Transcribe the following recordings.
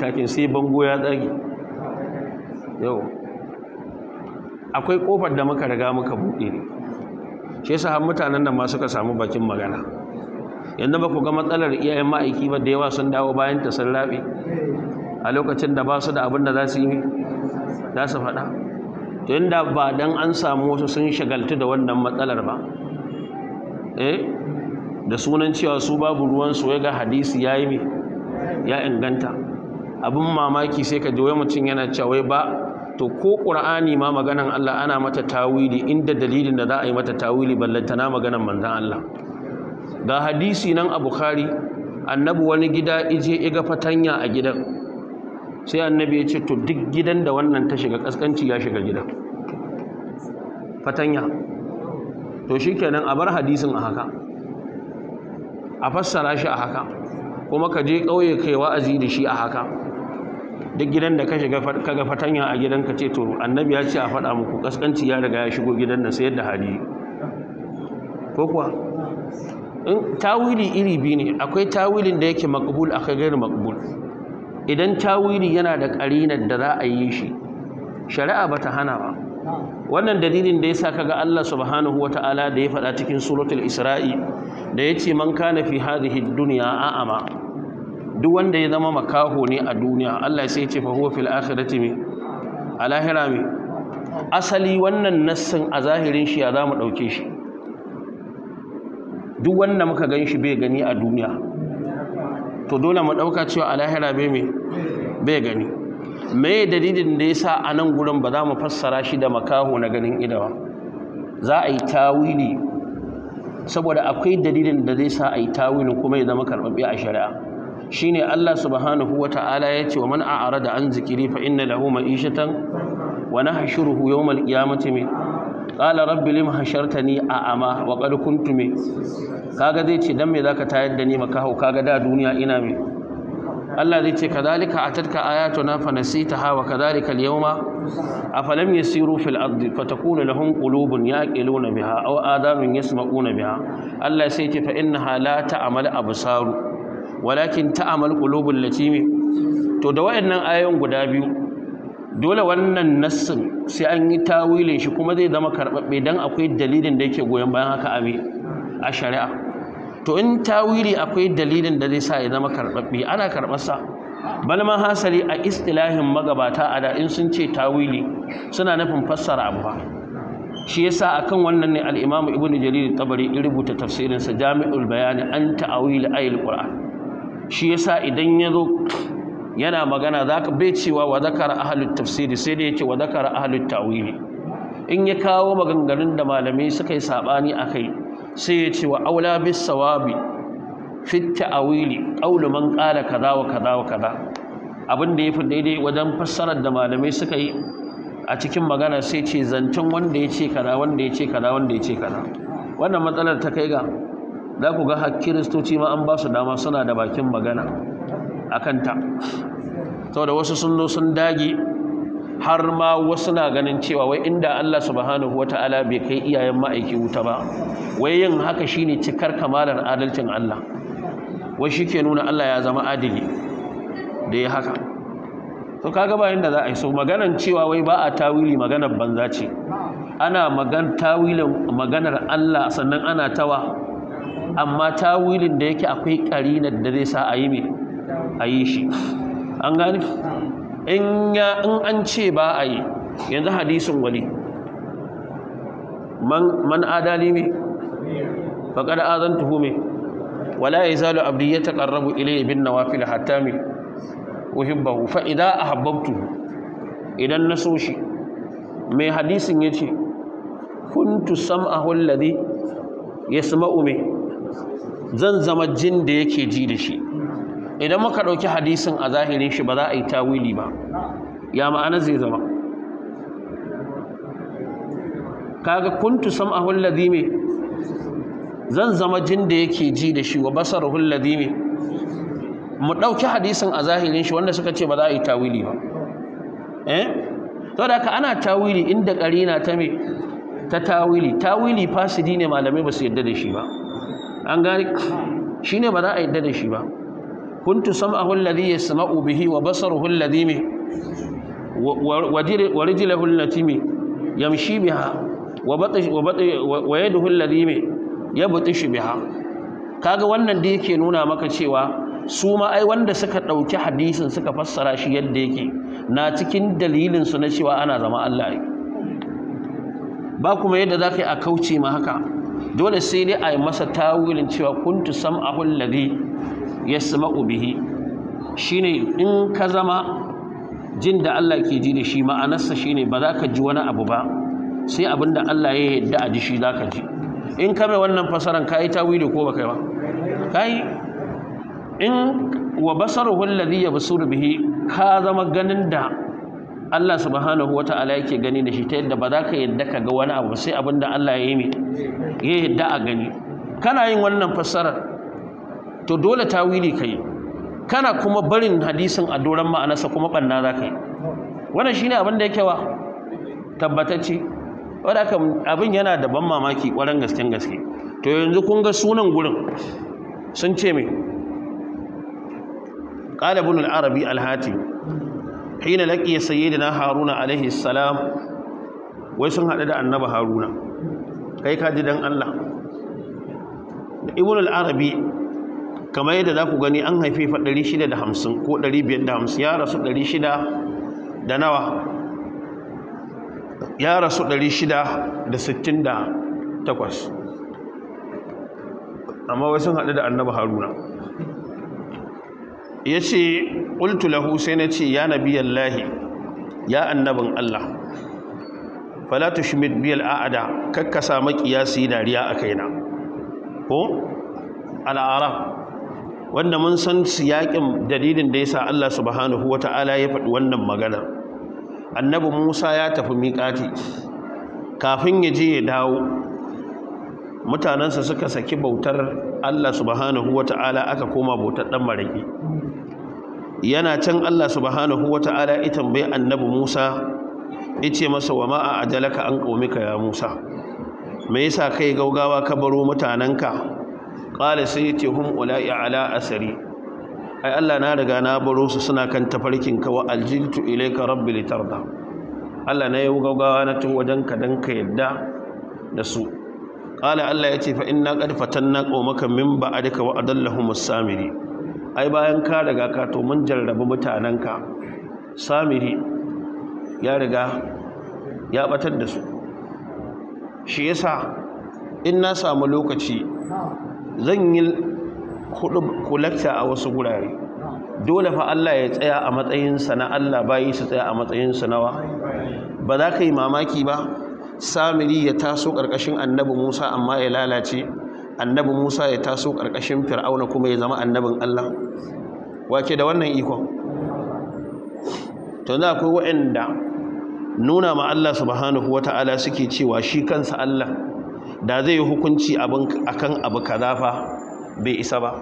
takin sai bango ya tsage yau akwai kofar da muka riga muka buɗe ne shi yasa har mutanen nan ma suka samu bakin magana yanda ba ku ga matsalar iyayen ma'aiki ba da yawa sun dawo bayan ta sallabe a lokacin da ba su da abin da za su yi za su faɗa to yadda ba dan an samu wasu sun shagaltu da wannan matsalar ba eh da sunan cewa su babu ruwan su ya ga hadisi ya inganta abin mamaki sai ka ji mutum yana cewa ba to ko ƙura'ani ma maganan Allah ana mata tawili inda dalilin da za a yi mata tawili ballantana maganan manzan Allah ga hadisi nan a bukhari annabi wani gida ije iga fatanya a gidan sai annabi ya ce to duk gidan da wannan ta shiga kaskanci ya shiga gidan fatanya to shi kenan a bar hadisin a haka a fassara shi a haka kuma ka je ƙauye kai wa'azi da shi a haka duk gidan da ka shiga kaga fatanya a gidan ka ce to annabi ya ce a faɗa muku kaskanci ya riga ya shigo gidan nan sai yadda hali ko kuwa in tawili iri biyu ne akwai tawilin da yake maqbul akwai gairu maqbul idan tawili yana da qarinar da za a yi shi shari'a bata hana ba wannan dalilin da yasa kaga Allah subhanahu wataala da ya faɗa cikin suratul isra'i da yace man kana fi hadhihi dunya a'ama duk wanda ya zama makaho ne a duniya Allah sai ya ce fa huwa fil akhirati mi a lahira mi asali wannan nassin a zahirin shi ya za mu ɗauke shi duk wanda muka gan shi bai gani a duniya to dole mu ɗauka cewa a lahira bai mai bai gani me dalilin da ya sa a nan gurin ba za mu fassara shi da makaho na ganin idawa za a yi tawili saboda akwai dalilin da zai sa a yi tawilin kuma ya zama karɓaɓɓe a shari'a shine Allah subhanahu wata'ala yace wa man a'rada an zikiri fa inna lahu ma'ishatan wa nahshuruhu yawmal qiyamati min qala rabbi lim hashartani a'ama wa qad kuntu min kaga zai ce dan me zaka tayar da ni makaho kaga da duniya ina me Allah zai ce kadhalika atatka ayatuna fa nasitaha wa kadhalika al-yawma afalam yasiru fil ardi fatakunu lahum qulubun yaqiluna biha aw adamun yasma'una biha Allah sai ce fa innaha la ta'mal absaru walakin ta'amal qulubul latimi to da wayannan ayoyin guda biyu dole wannan nassin sai an yi tawilin shi kuma zai zama karbabbe dan akwai dalilin da yake goyon bayan haka ame a shari'a to in tawili akwai dalilin da zai sa ya zama karbabbe ana karbar sa bal hasari hasali a istilahin magabata a da in sun ce tawili suna nufin fassara abu ba shi yasa akan wannan ne al-Imam Ibn Jarir Tabari ya rubuta tafsirinsa Jami'ul bayani an ta'awil ayil Qur'an shi yasa idan ya zo yana magana za ka bai cewa wa zakara ahlut tafsiri sai da yake wa zakara ahlut ta'wili in ya kawo maganganun da malamai suka yi sabani kai sai ya ce wa aula bis sawabi fi ta'wili qawlu man qala kaza wa kaza wa kaza abin da yafi daidai wajen fassarar da malamai suka yi a cikin magana sai ce zancen wanda ya ce kaza wanda ya ce kaza wanda ya ce kaza wannan matsalar ta kai ga za ku ga kiristoci ma an ba su dama suna da bakin magana a kanta saboda wasu sun zo sun dage har ma wasu na ganin cewa wai inda Allah subhanahu ta'ala bai kai iyayen ma'aiki wuta ba wai yin haka shine cikar kamalar adalcin Allah wai shi ke nuna Allah ya zama adili da ya haka to kaga ba inda za a yi so maganan cewa wai ba a tawili maganar banza ce ana magan tawilin maganar Allah sannan ana tawa amma tawilin da yake akwai karinar da zai sa a yi mai a yi shi an gani in an ce ba a yi yanzu hadisin wali man adali mai faƙar azan tuhu mai wala ya zalo abu ya taƙarrabu ilai bin nawafil hatta mai bahu? Fa'ida idan Habbabtu idan na so shi mai hadisin yace kuntu lade ya yasma'u mai zan zama jin da yake ji da shi idan muka ɗauki hadisin a zahirin shi ba za a yi tawili ba ya ma'ana zai zama kaga kuntu sam'ahu alladhi me zan zama jin da yake ji da shi wa basar alladhi me mu ɗauki hadisin a zahirin shi wanda suka ce ba za a yi tawili ba eh saboda ka ana tawili inda ƙarina ta me ta tawili tawili fasidi ne malamai ba su yarda da shi ba an gane shi ne ba za a yadda da shi ba kuntu sam'ahu ya Sama'u bihi wa basaruhu alladhi mi wa rijluhu allati mi yamshi biha wa batsh wa batsh wa yaduhu biha kaga wannan da yake nuna maka cewa su ma ai wanda suka ɗauki hadisin suka fassara shi yadda yake na cikin dalilinsu na cewa ana zama Allah ba kuma yadda za ka yi a kauce ma haka dole sai dai a yi masa tawilin cewa kuntu ya alladhi yasma'u Shi ne in ka zama jin da Allah ke ji da shi ma'anarsa shi ne ba za ka ji wani abu ba sai abin da Allah ya yadda a ji shi za ka ji in ka mai wannan fasaran ka yi tawili ko ba kai ba ka yi in wa basaruhu ya basu bihi ka zama ganin da Allah subhanahu wa ta'ala yake gani da shi ta yadda ba za ka yadda ka ga wani abu sai abin da Allah ya yi mai ya yadda a gani kana yin wannan fassarar to dole tawili ka yi kana kuma barin hadisin a doron ma'anarsa kuma ɓanna za ka yi wannan ne abin da yake wa tabbatacce wadda abin yana da ban mamaki ƙwarar gasken gaske to yanzu kun ga sunan gurin sun ce mai ƙalibin al'arabi alhati hina laqiya sayyidina haruna alaihi salam wai sun hada da annabi haruna kai ka ji dan Allah ibn al-arabi kamar yadda za ku gani an haife 650 ko 550 ya rasu 600 da nawa ya rasu 668 amma wai sun haɗu da annabi haruna ya ce ƙultu lahu sai na ce ya nabiyan lahi ya annabin Allah falatu shimid biyal a'ada kakkasa makiyasi dariya a kaina ko al'ara wanda mun san su yaƙin dalilin da ya sa Allah subhanahu wa ta'ala ya faɗi wannan magana annabi musa ya tafi miƙati kafin ya je ya dawo mutanensa suka saki bautar Allah subhanahu ta'ala aka koma bautar ɗan maraki yana can Allah subhanahu ta'ala ya tambayi annabi Musa ice masa wa a jalaka an qaumika ya Musa me yasa kai gaugawa ka baro mutananka qala sayyati hum ula'i ala asari ai Allah na riga na baro su suna kan tafarkin ka wa aljiltu ilayka rabbi litarda Allah na yi gaugawa na tun wajen ka dan ka yadda da su ƙala allah ya ce fa inna qad na ƙomaka min ba ba'dika wa adallahum as-samiri ai bayan ka riga ka to mun jarrabi ka. samiri ya riga ya batar da su shi yasa in na samu lokaci zan yi kulakta a wasu gurare dole fa Allah ya tsaya a matsayinsa na Allah bayi su tsaya a matsayinsa nawa ba za ka yi mamaki ba samiri ya taso ƙarƙashin annabi musa amma ya lalace annabi musa ya taso ƙarƙashin fir'auna kuma ya zama annabin allah wake da wannan ikon to za akwai waɗanda nuna ma allah subhanahu wata'ala suke cewa shi kansa allah da zai yi hukunci akan abu kaza fa bai isa ba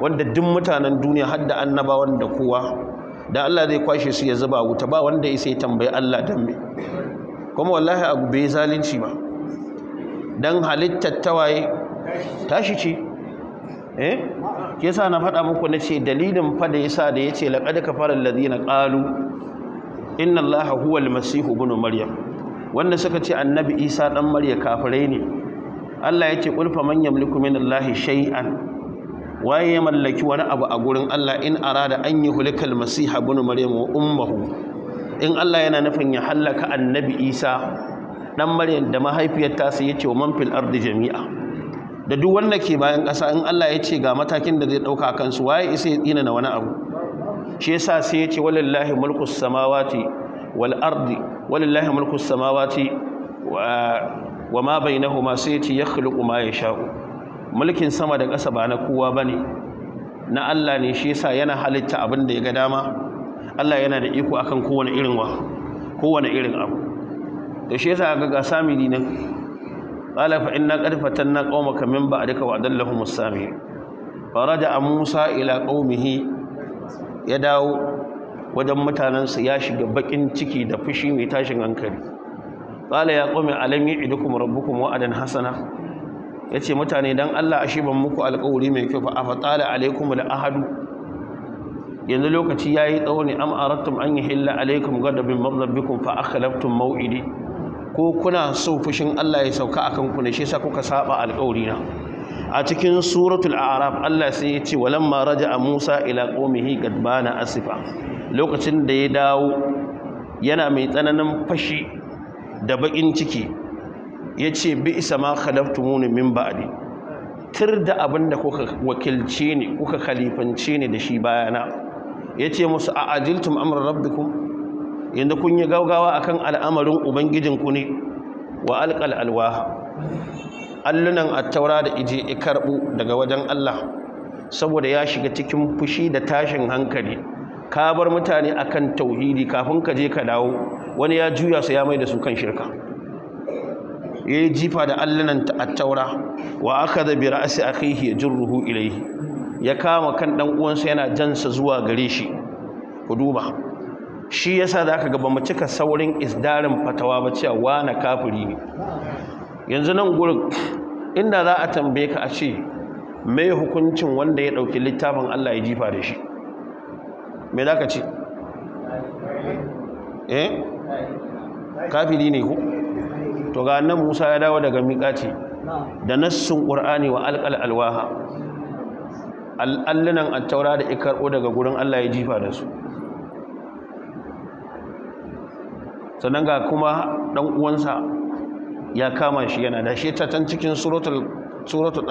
wanda duk mutanen duniya har da annabawan da kowa da Allah zai kwashe su ya zuba wuta ba wanda ya sai tambayi Allah dan me kuma wallahi abu bai zalunci ba don halittar tawaye tashi ce eh sa na faɗa muku na ce dalilin fa da yasa da yace laqad lalzi na ƙalu inna allaha huwa almasihu gunu maryam wanda suka ce annabi isa ɗan maryam kafirai ne Allah ya ce faman manyan min allahi shay'an waye ya mallaki wani abu a gurin Allah in arada an yi hulikar Masihu gunu maryam wa ummahu? in Allah yana nufin ya hallaka annabi Isa dan Maryam da mahaifiyar ta sai yace man fil ardi jami'a da duk wanda ke bayan kasa in Allah ya ce ga matakin da zai ɗauka kan su waye isa ya tsina na wani abu shi yasa sai yace walillahi mulku samawati wal ardi walillahi mulku samawati wa ma bainahuma sai yace yakhluqu ma yasha'u mulkin sama da kasa ba na kowa bane na Allah ne shi yasa yana halitta abin da ya ga dama Allah yana da iko akan kowane irin wa kowane irin abu da shi yasa ga ga samiri nan qala fa inna qad fatanna qaumaka min ba'dika wa adallahu musami faraja Musa ila qaumihi ya dawo wajen mutanansa ya shiga bakin ciki da fushi mai tashin hankali qala ya qaumi alam ya'idukum rabbukum wa'adan hasana yace mutane dan Allah ashe ban muku alƙawari mai kyau fa afatala alaikum al-ahadu yanzu lokaci yayi tsawo ne am arattum an yahilla alaikum gadabin min rabbikum fa akhlaftum maw'idi ko kuna so fushin Allah ya sauka akan ku ne shi sa kuka saba alƙawari na a cikin suratul a'raf Allah sai ya ce raja a Musa ila qaumihi gadbana asifa lokacin da ya dawo yana mai tsananin fashi da bakin ciki yace bi isa ma khalaftumuni min ba'di tir da abinda kuka wakilce ni kuka khalifance ni da shi bayana Ya yace musu a ajiltum amra rabbikun yadda kun yi gaugawa a kan al'amarin ubangijinku ne wa alƙal alwa allunan attaura da ije ya karɓu daga wajen Allah saboda ya shiga cikin fushi da tashin hankali ka bar mutane a kan tauhidi kafin ka je ka dawo wani ya juya su ya mai da su kan shirka ya yi jifa da allunan attaura wa aka zabi da a ra'asi akhihi ruhu ilai ya kama kan dan uwansa yana jansa zuwa gare shi ku duba shi yasa zaka ga bamu cika saurin isdarin fatawa ba cewa wana kafiri ne yanzu nan gurin inda za a tambaye ka a ce me hukuncin wanda ya dauki littafin Allah ya jifa da shi me zaka ce eh kafiri ne ku to ga nan Musa ya dawo daga miƙati da nassun Qur'ani wa alqal alwaha al'allunan attaura da ikarɓo daga gurin Allah ya jifa da su sannan ga kuma ɗan uwansa ya kama shi yana da shi ta tan cikin suratul suratul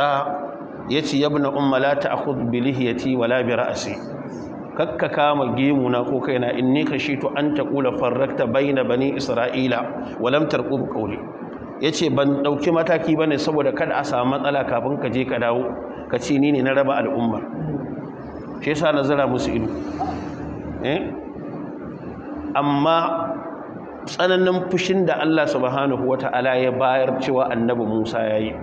Ya ce ya ibn umma la ta'khudh bi wa wala a sai kakka kama gemu na ko ka shi to an taqula farrakta baina bani isra'ila wa ƙubu tarqub Ya ce ban ɗauki mataki ba ne saboda kada a samu matsala kafin ka je ka dawo ka ce ni ne na raba al'umma shi yasa na zira musu ido eh? amma tsananin fushin da Allah subhanahu wa Ta'ala ya bayar cewa annabi Musa ya yi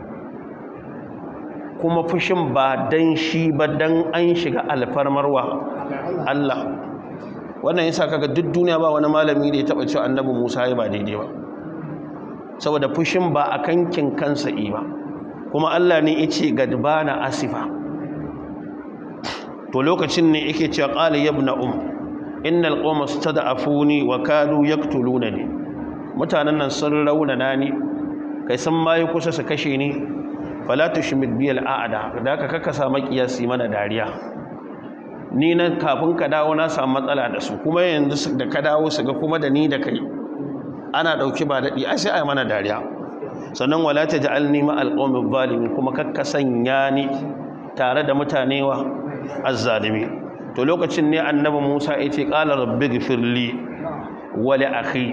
kuma fushin ba dan shi ba dan an shiga alfarmarwa Allah wannan yasa kaga duk duniya ba wani malami da ya taba cewa annabi Musa ya ba daidai ba saboda fushin ba akan kin kansa yi ba kuma Allah ne ya ce gadbana asifa to lokacin ne yake cewa qala yabna um innal qawma stad'afuni wa kadu yaqtulunani mutanen nan sun raunana ni kai san mai kusa su kashe ni fala tushmit bi ada da ka kaka sa makiyasi mana dariya ni nan kafin ka dawo na samu matsala da su kuma yanzu da ka dawo su ga kuma da ni da kai ana dauki ba dadi ai sai ai mana dariya sannan wala taj'alni ma alqawmi zalimin kuma kakka sanya ni tare da mutane wa to lokacin ne annabi Musa yace qala rabbi ghfirli wa li ake.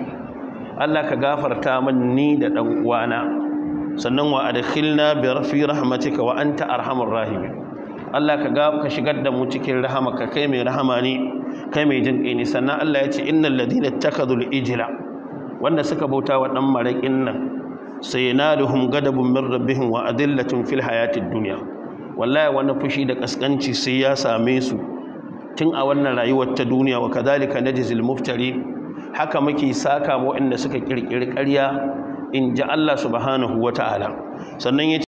Allah ka gafarta min ni da ɗan uwana sannan wa adkhilna bi rafi rahmatika wa anta arhamar rahimin Allah ka ga ka shigar da mu cikin rahama ka kai mai rahama ne kai mai jin ƙini sannan Allah ya ce innal ladina takadul ijla wanda suka bauta wa dan marakin nan sayanaluhum gadabun min rabbihim wa adillatun fil hayatid dunya wallahi wannan fushi da kaskanci sai ya same su tun a wannan rayuwar ta duniya wa na najzil muftari haka muke saka waɗanda suka kirkiri ƙarya in ji Allah subhanahu wata'ala sannan